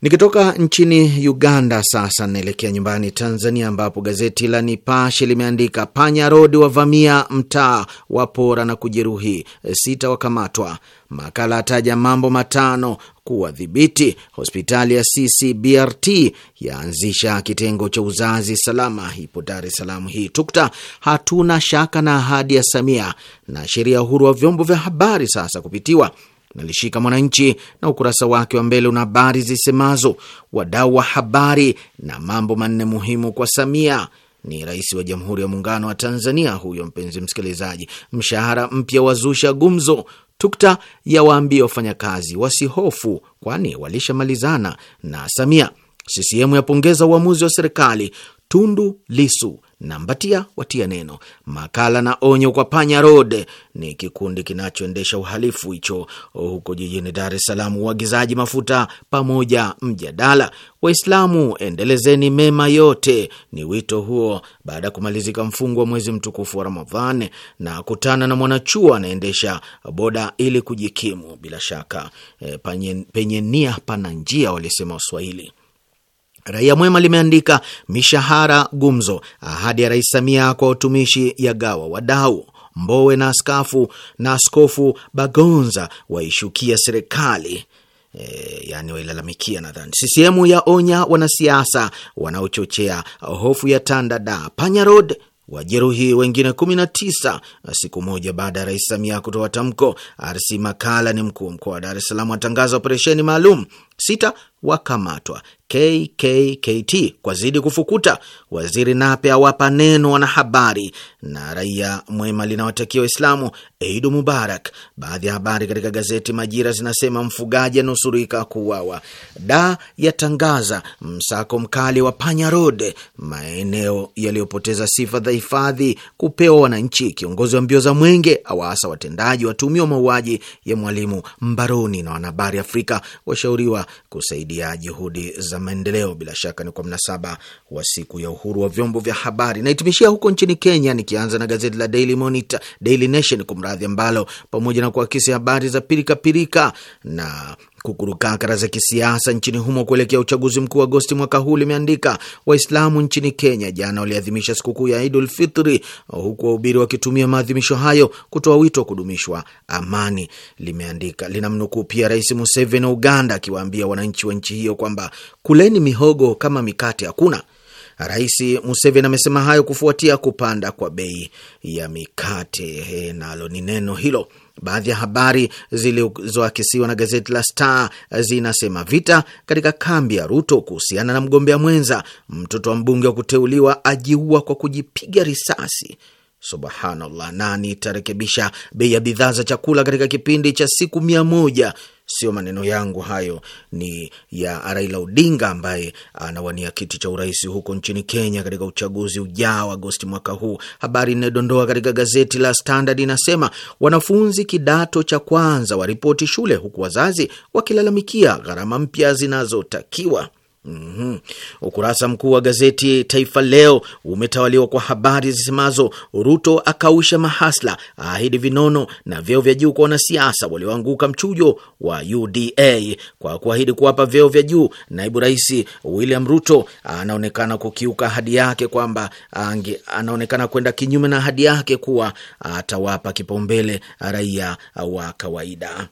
Nikitoka nchini Uganda sasa naelekea nyumbani Tanzania, ambapo gazeti la Nipashe limeandika panya rodi wavamia mtaa wa pora na kujeruhi sita wakamatwa. Makala ataja mambo matano kuwadhibiti. Hospitali ya CCBRT yaanzisha kitengo cha uzazi salama, ipo Dar es Salaam. Hii tukta, hatuna shaka na ahadi ya Samia na sheria ya uhuru wa vyombo vya habari sasa kupitiwa. Nalishika Mwananchi na ukurasa wake wa mbele una habari zisemazo wadau wa habari na mambo manne muhimu kwa Samia. Ni Rais wa Jamhuri ya Muungano wa Tanzania huyo, mpenzi msikilizaji. Mshahara mpya wazusha gumzo. Tukta ya waambia wafanyakazi wasihofu, kwani walishamalizana na Samia. CCM yapongeza uamuzi wa serikali. Tundu Lisu na Mbatia watia neno. Makala na onyo kwa Panya Road ni kikundi kinachoendesha uhalifu hicho huko jijini Dar es Salaam, uagizaji mafuta pamoja mjadala. Waislamu, endelezeni mema yote, ni wito huo baada ya kumalizika mfungo wa mwezi mtukufu wa Ramadhan na kutana na mwanachuo anaendesha boda ili kujikimu. Bila shaka e, penye nia pana njia, walisema Waswahili. Raia Mwema limeandika mishahara gumzo, ahadi ya Rais Samia kwa utumishi ya gawa wadau Mbowe na askafu na askofu Bagonza waishukia serikali e, yani wailalamikia. Nadhani CCM ya onya wanasiasa wanaochochea hofu ya Tandada. Panya Road wajeruhi wengine 19 siku moja baada ya Rais Samia kutoa tamko. RC Makala ni mkuu mkoa wa Dar es Salaam atangaza operesheni maalum. Sita wakamatwa, KKKT zidi kufukuta. Waziri Nape awapa neno wanahabari, na raia mwema linawatakia Waislamu Eidu Mubarak. Baadhi ya habari katika gazeti Majira zinasema mfugaji anusurika kuuawa, da yatangaza msako mkali wa Panya Road, maeneo yaliyopoteza sifa za hifadhi kupewa wananchi. Kiongozi wa mbio za mwenge awaasa watendaji watumiwa mauaji ya mwalimu mbaroni, na wanahabari Afrika washauriwa kusaidia juhudi za maendeleo. Bila shaka ni kwa mnasaba wa siku ya uhuru wa vyombo vya habari. Naitimishia huko nchini Kenya, nikianza na gazeti la Daily Monitor, Daily Nation kumradhi, ambalo pamoja na kuakisi habari za pirikapirika pirika na Kukurukakara za kisiasa nchini humo kuelekea uchaguzi mkuu Agosti mwaka huu limeandika Waislamu nchini Kenya jana waliadhimisha sikukuu ya Idul Fitri, huku wahubiri wakitumia maadhimisho hayo kutoa wito wa kudumishwa amani. Limeandika linamnukuu pia Rais Museveni wa Uganda akiwaambia wananchi wa nchi hiyo kwamba kuleni mihogo kama mikate hakuna. Rais Museveni amesema hayo kufuatia kupanda kwa bei ya mikate. Nalo ni neno hilo Baadhi ya habari zilizoakisiwa na gazeti la Star zinasema vita katika kambi ya Ruto kuhusiana na mgombea mwenza, mtoto wa mbunge wa kuteuliwa ajiua kwa kujipiga risasi. Subhanallah, nani itarekebisha bei ya bidhaa za chakula katika kipindi cha siku mia moja? Sio maneno yangu hayo, ni ya Raila Odinga ambaye anawania kiti cha urais huko nchini Kenya katika uchaguzi ujao Agosti mwaka huu. Habari inayodondoa katika gazeti la Standard inasema wanafunzi kidato cha kwanza waripoti shule, huku wazazi wakilalamikia gharama mpya zinazotakiwa. Mm -hmm. Ukurasa mkuu wa gazeti Taifa Leo umetawaliwa kwa habari zisemazo Ruto akausha mahasla, ahidi vinono na vyeo vya juu kwa wanasiasa walioanguka mchujo wa UDA kwa kuahidi kuwapa vyeo vya juu. Naibu Rais William Ruto anaonekana kukiuka ahadi yake kwamba anaonekana kwenda kinyume na ahadi yake kuwa atawapa kipaumbele raia wa kawaida.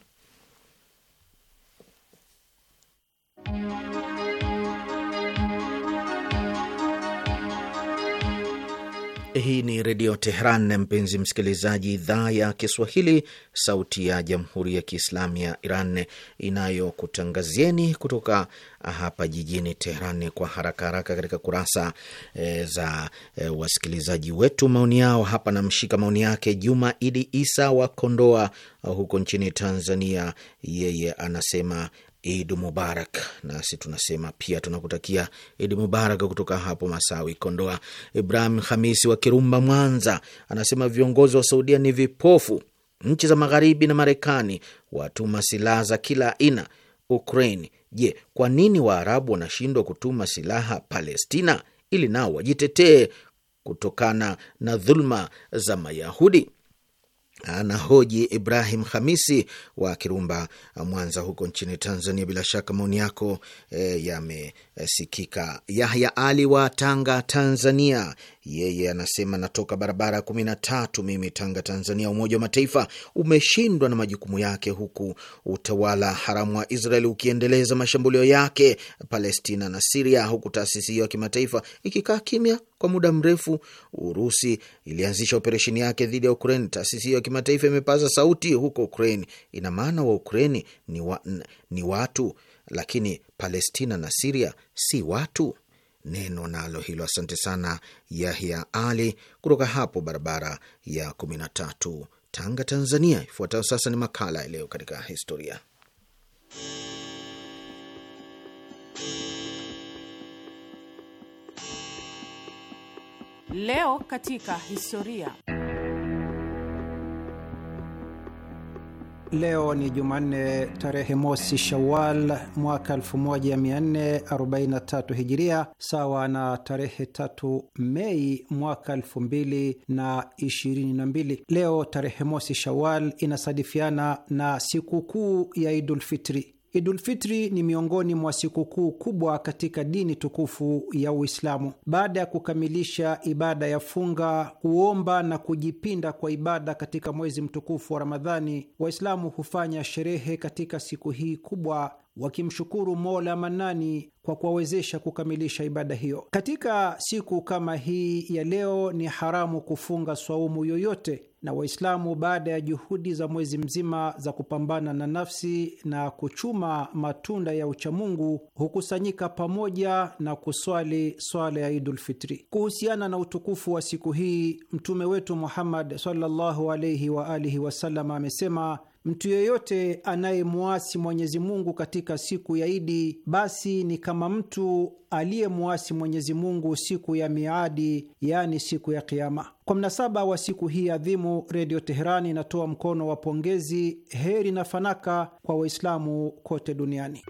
Hii ni Redio Teheran, mpenzi msikilizaji, idhaa ya Kiswahili, sauti ya Jamhuri ya Kiislamu ya Iran inayokutangazieni kutoka hapa jijini Teheran. Kwa haraka haraka, katika kurasa e, za e, wasikilizaji wetu maoni yao hapa, namshika maoni yake Juma Idi Isa wa Kondoa huko nchini Tanzania. Yeye anasema Idi Mubarak. Nasi tunasema pia tunakutakia Idi Mubarak kutoka hapo Masawi, Kondoa. Ibrahim Hamisi wa Kirumba, Mwanza, anasema viongozi wa Saudia ni vipofu. Nchi za Magharibi na Marekani watuma silaha za kila aina Ukraini. Je, kwa nini Waarabu wanashindwa kutuma silaha Palestina ili nao wajitetee kutokana na dhuluma za Mayahudi? anahoji Ibrahim Hamisi wa Kirumba, Mwanza, huko nchini Tanzania. Bila shaka maoni yako e, yamesikika. Yahya Ali wa Tanga, Tanzania, yeye anasema natoka barabara kumi na tatu, mimi Tanga, Tanzania. Umoja wa Mataifa umeshindwa na majukumu yake, huku utawala haramu wa Israel ukiendeleza mashambulio yake Palestina na Siria, huku taasisi hiyo ya kimataifa ikikaa kimya kwa muda mrefu. Urusi ilianzisha operesheni yake dhidi ya Ukraini. Taasisi hiyo ya kimataifa imepaza sauti huko Ukraini. Ina maana wa Ukraini ni, wa, ni watu, lakini Palestina na Siria si watu neno nalo hilo. Asante sana Yahya Ali kutoka hapo barabara ya 13 Tanga, Tanzania. Ifuatayo sasa ni makala ya leo katika historia. Leo katika historia Leo ni Jumanne tarehe mosi Shawal mwaka 1443 Hijiria, sawa na tarehe tatu Mei mwaka 2022. Leo tarehe mosi Shawal inasadifiana na sikukuu ya Idulfitri. Idulfitri ni miongoni mwa sikukuu kubwa katika dini tukufu ya Uislamu. Baada ya kukamilisha ibada ya funga, kuomba na kujipinda kwa ibada katika mwezi mtukufu wa Ramadhani, Waislamu hufanya sherehe katika siku hii kubwa wakimshukuru Mola Manani kwa kuwawezesha kukamilisha ibada hiyo. Katika siku kama hii ya leo, ni haramu kufunga swaumu yoyote, na Waislamu baada ya juhudi za mwezi mzima za kupambana na nafsi na kuchuma matunda ya uchamungu hukusanyika pamoja na kuswali swala ya Idul Fitri. Kuhusiana na utukufu wa siku hii, Mtume wetu Muhammad sallallahu alaihi waalihi wasallam amesema Mtu yeyote anayemwasi Mwenyezi Mungu katika siku ya Idi basi ni kama mtu aliyemwasi Mwenyezi Mungu siku ya miadi, yaani siku ya Kiama. Kwa mnasaba wa siku hii adhimu, Redio Teherani inatoa mkono wa pongezi, heri na fanaka kwa Waislamu kote duniani.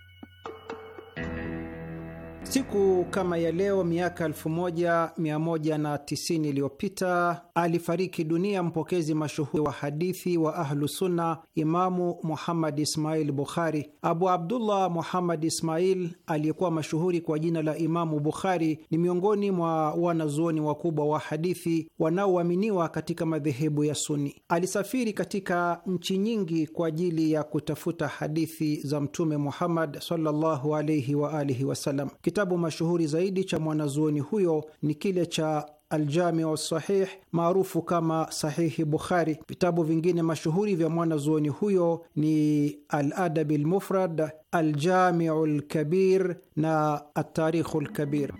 Siku kama ya leo miaka 1190 iliyopita alifariki dunia mpokezi mashuhuri wa hadithi wa Ahlusunna, Imamu Muhammad Ismail Bukhari. Abu Abdullah Muhammad Ismail aliyekuwa mashuhuri kwa jina la Imamu Bukhari ni miongoni mwa wanazuoni wakubwa wa hadithi wanaoaminiwa katika madhehebu ya Suni. Alisafiri katika nchi nyingi kwa ajili ya kutafuta hadithi za Mtume Muhammad sallallahu alaihi wa alihi wasallam. Kitabu mashuhuri zaidi cha mwanazuoni huyo ni kile cha Aljamiu Sahih maarufu kama Sahihi Bukhari. Vitabu vingine mashuhuri vya mwanazuoni huyo ni Aladabi Lmufrad, Aljamiu Lkabir na Atarikhu Lkabir.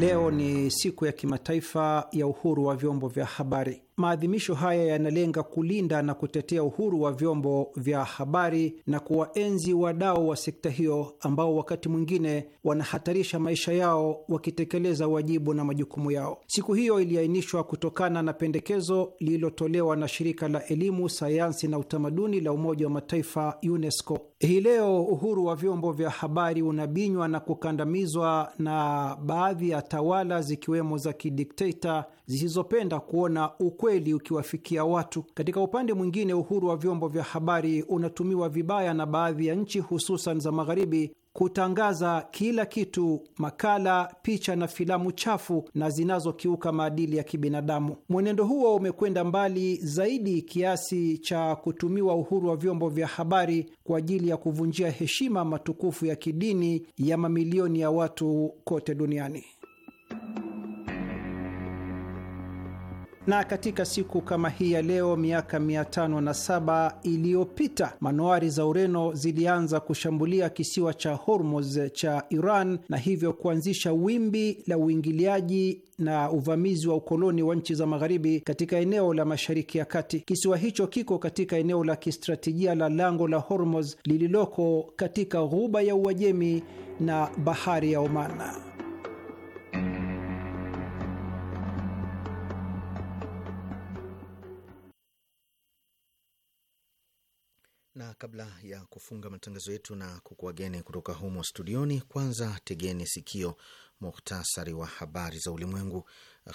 Leo ni siku ya kimataifa ya uhuru wa vyombo vya habari. Maadhimisho haya yanalenga kulinda na kutetea uhuru wa vyombo vya habari na kuwaenzi wadau wa sekta hiyo ambao wakati mwingine wanahatarisha maisha yao wakitekeleza wajibu na majukumu yao. Siku hiyo iliainishwa kutokana na pendekezo lililotolewa na shirika la elimu, sayansi na utamaduni la Umoja wa Mataifa, UNESCO. Hii leo uhuru wa vyombo vya habari unabinywa na kukandamizwa na baadhi ya tawala zikiwemo za kidikteta zisizopenda kuona uku ukweli ukiwafikia watu. Katika upande mwingine, uhuru wa vyombo vya habari unatumiwa vibaya na baadhi ya nchi, hususan za Magharibi, kutangaza kila kitu, makala, picha na filamu chafu na zinazokiuka maadili ya kibinadamu. Mwenendo huo umekwenda mbali zaidi kiasi cha kutumiwa uhuru wa vyombo vya habari kwa ajili ya kuvunjia heshima matukufu ya kidini ya mamilioni ya watu kote duniani. Na katika siku kama hii ya leo miaka 507 iliyopita manowari za Ureno zilianza kushambulia kisiwa cha Hormuz cha Iran na hivyo kuanzisha wimbi la uingiliaji na uvamizi wa ukoloni wa nchi za magharibi katika eneo la Mashariki ya Kati. Kisiwa hicho kiko katika eneo la kistratejia la lango la Hormuz lililoko katika ghuba ya Uajemi na bahari ya omana na kabla ya kufunga matangazo yetu na kukuageni kutoka humo studioni, kwanza tegeni sikio muhtasari wa habari za ulimwengu.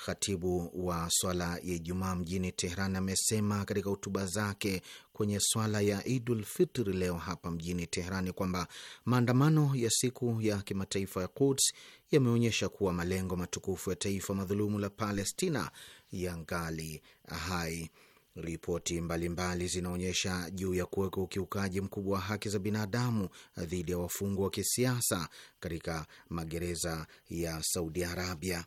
Khatibu wa swala ya Ijumaa mjini Tehran amesema katika hotuba zake kwenye swala ya Idul Fitri leo hapa mjini Teherani kwamba maandamano ya siku ya kimataifa ya Quds yameonyesha kuwa malengo matukufu ya taifa madhulumu la Palestina yangali hai. Ripoti mbalimbali zinaonyesha juu ya kuweka ukiukaji mkubwa wa haki za binadamu dhidi ya wafungwa wa kisiasa katika magereza ya Saudi Arabia.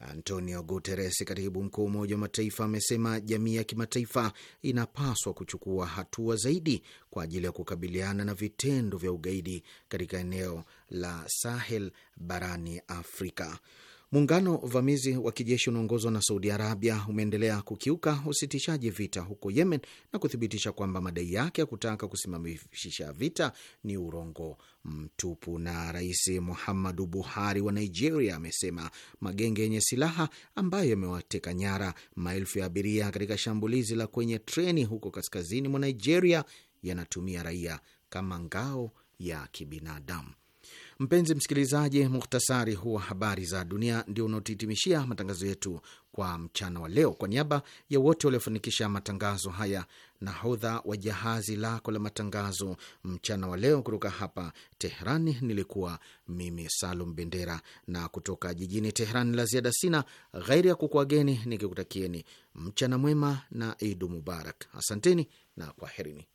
Antonio Guterres, katibu mkuu wa Umoja wa Mataifa, amesema jamii ya kimataifa inapaswa kuchukua hatua zaidi kwa ajili ya kukabiliana na vitendo vya ugaidi katika eneo la Sahel barani Afrika. Muungano uvamizi wa kijeshi unaongozwa na Saudi Arabia umeendelea kukiuka usitishaji vita huko Yemen na kuthibitisha kwamba madai yake ya kutaka kusimamisha vita ni urongo mtupu. Na Rais Muhammadu Buhari wa Nigeria amesema magenge yenye silaha ambayo yamewateka nyara maelfu ya abiria katika shambulizi la kwenye treni huko kaskazini mwa Nigeria yanatumia raia kama ngao ya kibinadamu. Mpenzi msikilizaji, muhtasari huu wa habari za dunia ndio unaotuhitimishia matangazo yetu kwa mchana wa leo. Kwa niaba ya wote waliofanikisha matangazo haya, nahodha wa jahazi lako la matangazo mchana wa leo kutoka hapa Teherani nilikuwa mimi Salum Bendera, na kutoka jijini Teherani la ziada sina ghairi ya kukuageni nikikutakieni mchana mwema na Idu Mubarak. Asanteni na kwaherini.